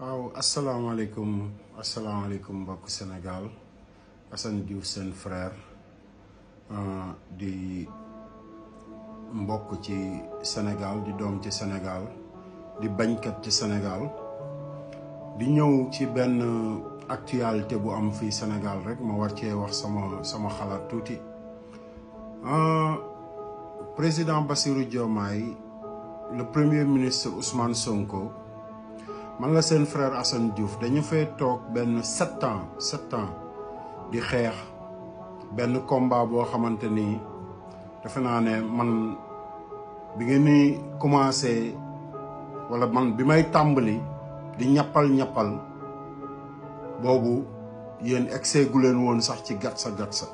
waaw asalaamaaleykum asalaamaaleykum mbokk Sénégal Assane Diouf seen frère ah, di mbokk ci Sénégal di doom ci Sénégal di bañkat ci Sénégal di ñëw ci benn actualité bu am fii Sénégal rek ma war cee wax sama sama xalaat tuuti ah, président Bassirou Diomaye le premier ministre Ousmane Sonko. man la seen frère Assane Diouf dañu fay toog benn sept ans sept ans di xeex benn combat boo xamante ni defe naa ne man bi ngeen ni commencé wala man bi may tàmbali di ñappal ñappal boobu yéen egsee gu leen woon sax ci gat sa sa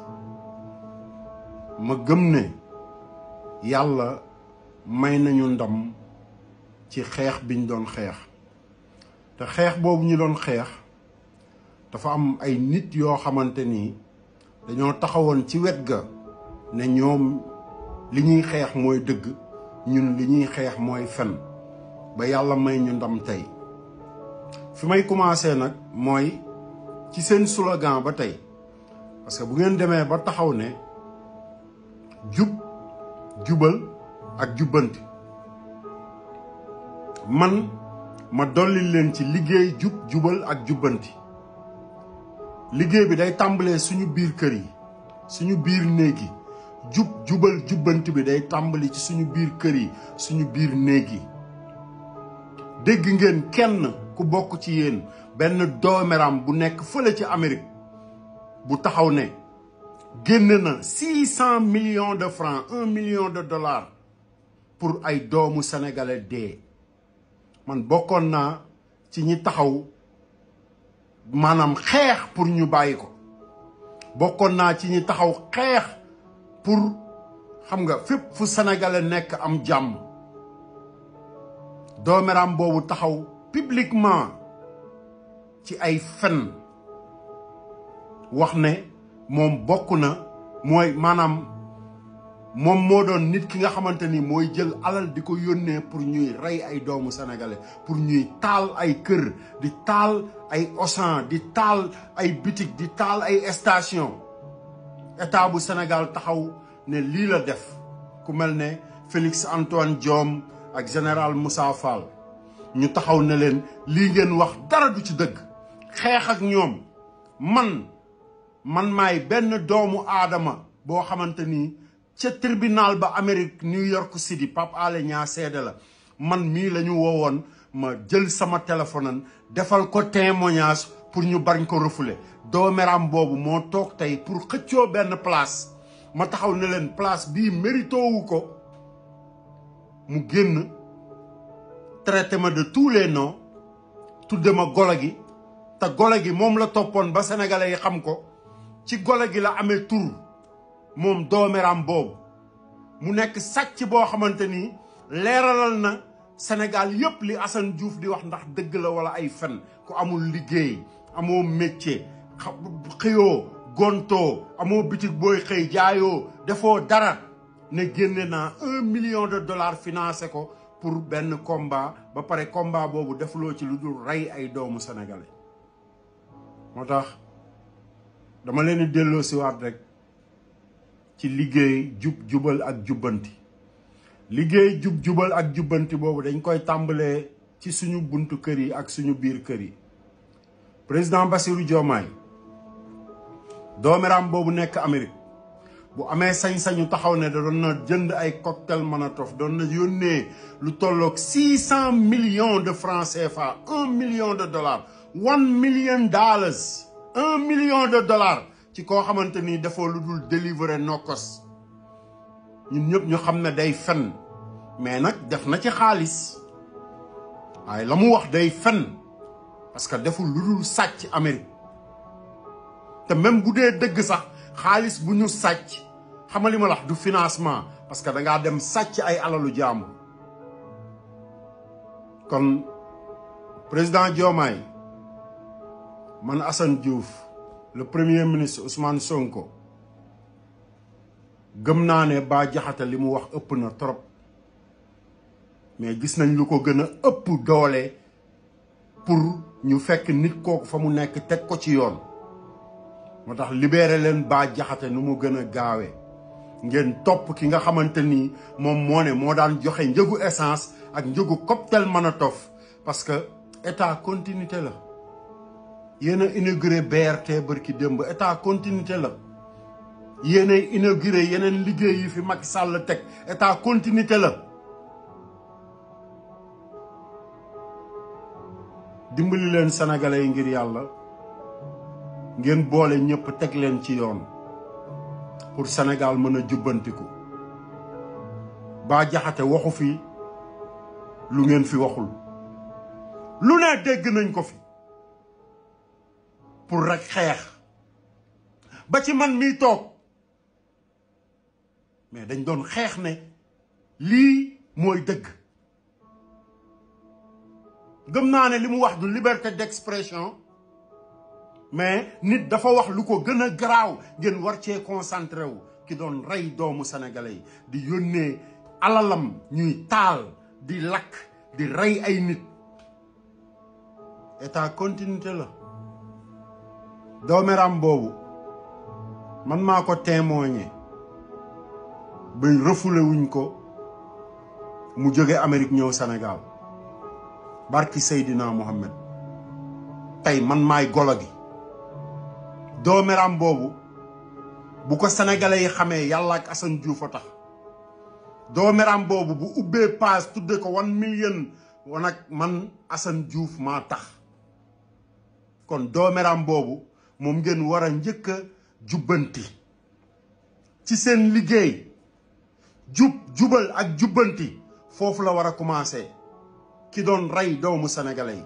ma gëm ne yàlla may nañu ndam ci xeex biñ doon xeex te xeex boobu ñu doon xeex dafa am ay nit yoo xamante ni dañoo taxawoon ci wet ga ne ñoom li ñuy xeex mooy dëgg ñun li ñuy xeex mooy fen ba yàlla may ñu ndam tey fi may commencé nag mooy ci seen slogan ba tey parce que bu ngeen demee ba taxaw ne jub jubal ak jubbanti man ma dolli leen ci liggéey jub jubal ak jubbanti liggéey bi day tàmbalee suñu biir kër yi suñu biir néeg yi jub jubal jubbanti bi day tàmbali ci suñu biir kër yi suñu biir néeg yi dégg ngeen kenn ku bokk ci yéen benn doomeram bu nekk fële ci Amérique bu taxaw ne génn na six cent millions de francs un million de dollars pour ay doomu sénégalais dee man bokkoon naa ci ñi taxaw maanaam xeex pour ñu bàyyi ko bokkoon naa ci ñi taxaw xeex pour xam nga fépp fu sénégalais nekk am jàmm dooméram boobu taxaw publiquement ci ay fen wax ne moom bokk na mooy maanaam moom moo doon nit ki nga xamante ni mooy jël alal di ko yónnee pour ñuy rey ay doomu sénégalais pour ñuy taal ay kër di taal ay osan di taal ay bitig di taal ay estation état bu senegal taxaw ne lii la def ku mel ne Félix Antoine Diome ak général Moussa Fall ñu taxaw ne leen lii ngeen wax dara du ci dëgg xeex ak ñoom man man maay benn doomu aadama boo xamante ni ca tribunal ba Amérique New York City Pape Alé Niang seede la man mii la ñu woowoon ma jël sama téléphone defal ko témoignage pour ñu bañ ko refoulé dooméram boobu moo toog tey pour xëccoo benn place ma taxaw ne leen place bii mérito wu ko mu génn traité ma de tous les noms tudde ma golo gi te golo gi moom la toppoon ba sénégalais yi xam ko ci golo gi la amee tur moom doomeram boobu mu nekk sàcc boo xamante ni leeralal na senegal yëpp li Assane Diouf di wax ndax dëgg la wala ay fen ku amul liggéey amoo métier xëyoo gontoo amoo bitig booy xëy jaayoo defoo dara ne génne naa un million de dollars financé ko pour benn combat ba pare combat boobu defuloo ci lu dul rey ay doomu sénégalais moo tax dama leen di delloo siwaat rek ci liggéey jub jubal ak jubbanti liggéey jub jubal ak jubbanti boobu dañ koy tàmbalee ci suñu buntu kër yi ak suñu biir kër yi président Bassirou Diomaye dooméram boobu nekk Amérique bu amee sañ-sañu taxaw ne da doon na jënd ay cocktail Molotov doon na yónnee lu tolloog six cent millions de francs CFA un million de dollars one million dollars un million de dollars ci koo xamante ni dafoo lu dul délivrer nokkos ñun ñëpp ñu xam ne day fen mais nag def na ci xaalis waaye la mu wax day fen parce que deful lu sàcc Amérique te même bu dee dëgg sax xaalis bu ñu sàcc xamali ma lax du financement parce que dangaa dem sàcc ay alalu jàmbur kon président Diomaye man Assane Diouf le premier ministre Ousmane Sonko gëm naa ne Bah jaxate li mu wax ëpp na trop mais gis nañ lu ko gën a ëpp doole pour ñu fekk nit kooku fa mu nekk teg ko ci yoon moo tax libéré leen Bah jaxate nu mu gën a gaawee ngeen topp ki nga xamante ni moom moo ne moo daan joxe njëgu essence ak njëgu cocktail Molotov parce que état continuité la yéen a inauguré BRT bërki démb état continuité la yéen a inauguré yeneen liggéey yi fi mag sàll teg état continuité la dimbali leen sénégalais yi ngir yàlla ngeen boole ñëpp teg leen ci yoon pour senegal mën a jubbantiku Bah Diakhaté waxu fi lu ngeen fi waxul lu ne dégg nañ ko fi pour rek xeex ba ci man mi toog mais dañ doon xeex ne lii mooy dëgg gëm naa ne li mu wax du liberté d'expression mais nit dafa wax lu ko gën a garaaw ngeen war cee concentré wu ki doon rey doomu sénégalais yi di yónnee alalam ñuy taal di lakk di rey ay nit état continuité la doomeram boobu man maa ko témoigné ba refoulé ko mu jóge amerig ñëw Sénégal barki Seydina Mohamed tey man maay golo gi doomeram boobu bu ko sénégalais yi xamee yàlla ak Assane Diouf a tax boobu bu ubbee paas tudde ko one million wan ak man Assane Diouf maa tax kon doomeram boobu moom ngeen war a njëkk a jubbanti ci seen liggéey jub jubal ak jubbanti foofu la war a commencé ki doon rey doomu sénégalais yi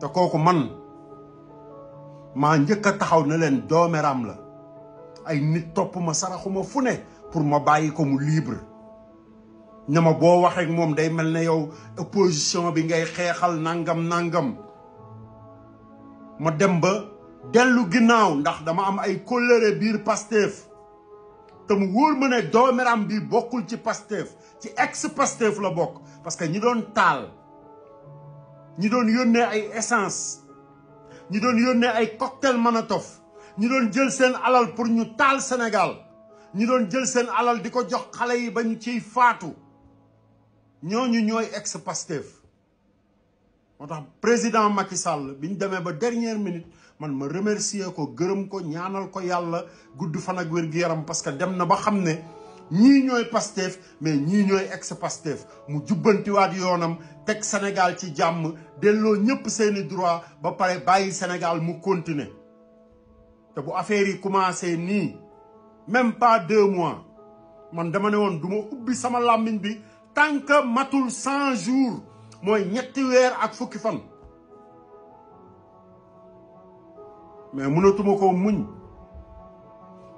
te kooku man maa njëkk a taxaw na leen doomeram la ay nit topp ma saraxuma fu ne pour ma bàyyi ko mu libre ñama boo waxee moom day mel ne yow opposition bi ngay xeexal nangam nangam ma dem ba dellu ginnaaw ndax dama am ay kóllëre biir Pastef te mu wóor ma ne doomeram bi bokkul ci Pastef ci ex Pastef la bokk parce que ñi doon taal ñi doon yónnee ay essence ñi doon yónnee ay cocktail Molotov ñi doon jël seen alal pour ñu taal Sénégal ñi doon jël seen alal di ko jox xale yi ba ñu ciy faatu ñooñu ñooy ex Pastef moo tax président Macky Sall bi ñu demee ba dernière minute man ma remercier ko gërëm ko ñaanal ko yàlla gudd fan ak wér-gu-yaram parce que dem na ba xam ne ñii ñooy Pastef mais ñii ñooy ex Pastef mu jubbantiwaat yoonam teg Sénégal ci jàmm delloo ñëpp seeni droit ba pare bàyyi Sénégal mu continuer te bu affaire yi commencé nii même pas deux mois man dama ne woon du ubbi sama làmmiñ bi tant que matul cent jours mooy ñetti weer ak fukki fan mais mënatuma koo muñ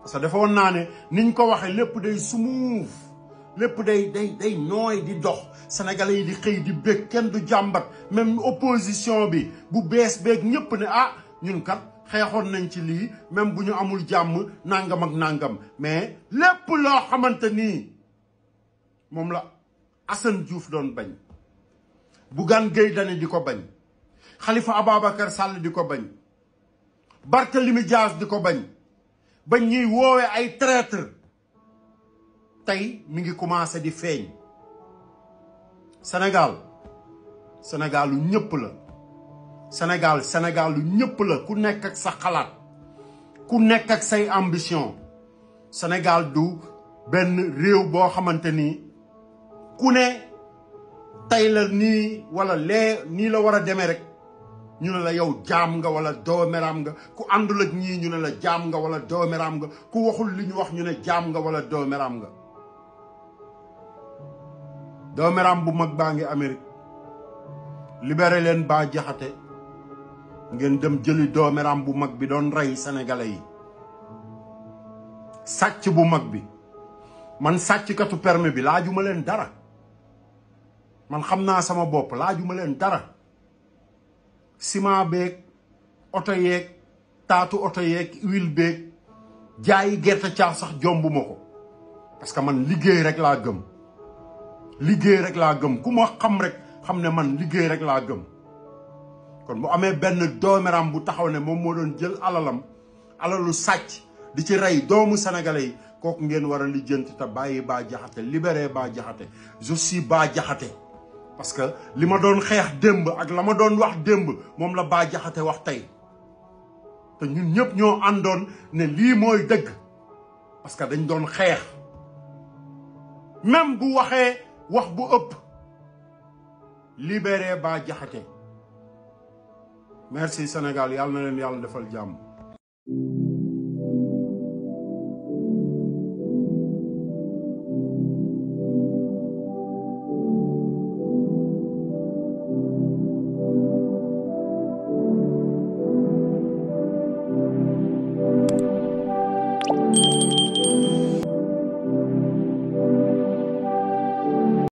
parce que dafa woon naa ne niñ ko waxee lépp day sumuuf lépp day day day nooy di dox sénégalais yi di xëy di bég kenn du jàmbat même opposition bi bu bees beeg ñépp ne ah ñun kat xeexoon nañ ci lii même bu ñu amul jàmm nàngam ak nàngam mais lépp loo xamante nii moom la Assane Diouf doon bañ Bougane Gueye Dany di ko bañ xalifa Ababacar sàll di ko bañ Barthélemy Dias di ko bañ bañ ñuy woowee ay traître tey mu ngi commencé di feeñ senegal senegalu ñépp la senegal Sénégal lu ñëpp la ku nekk ak sa xalaat ku nekk ak say ambition senegal du benn réew boo xamante ni ku ne tey la nii wala lee nii la war a demee rek ñu ne la yow jaam nga wala doomeraam nga ku àndul ak ñii ñu ne la jaam nga wala doomeraam nga ku waxul li ñu wax ñu ne jaam nga wala doomeraam nga doomeraam bu mag baa ngi Amérique libéré leen baa jaxate ngeen dem jëli doomeraam bu mag bi doon rey sénégalais yi sàcc bu mag bi man sàcckatu permis bi laajuma leen dara man xam naa sama bopp laajuma leen dara ciment beeg oto yeeg taatu oto yeeg huile beeg jaayi gerte caaf sax jombuma ko parce que man liggéey rek laa gëm liggéey rek laa gëm ku xam rek xam ne man liggéey rek laa gëm kon bu amee benn doomeram bu taxaw ne moom moo doon jël alalam alalu sàcc di ci rey doomu sénégalais yi kooku ngeen war a lijjanti te bàyyi Bah Diakhaté libéré Bah Diakhaté je suis Bah parce que li ma doon xeex démb ak la ma doon wax démb moom la Bah jaxate wax tey te ñun ñëpp ñoo àndoon ne lii mooy dëgg parce que dañ doon xeex même bu waxee wax bu ëpp libéré Bah jaxate merci senegal yàlla na leen yàlla defal jàmm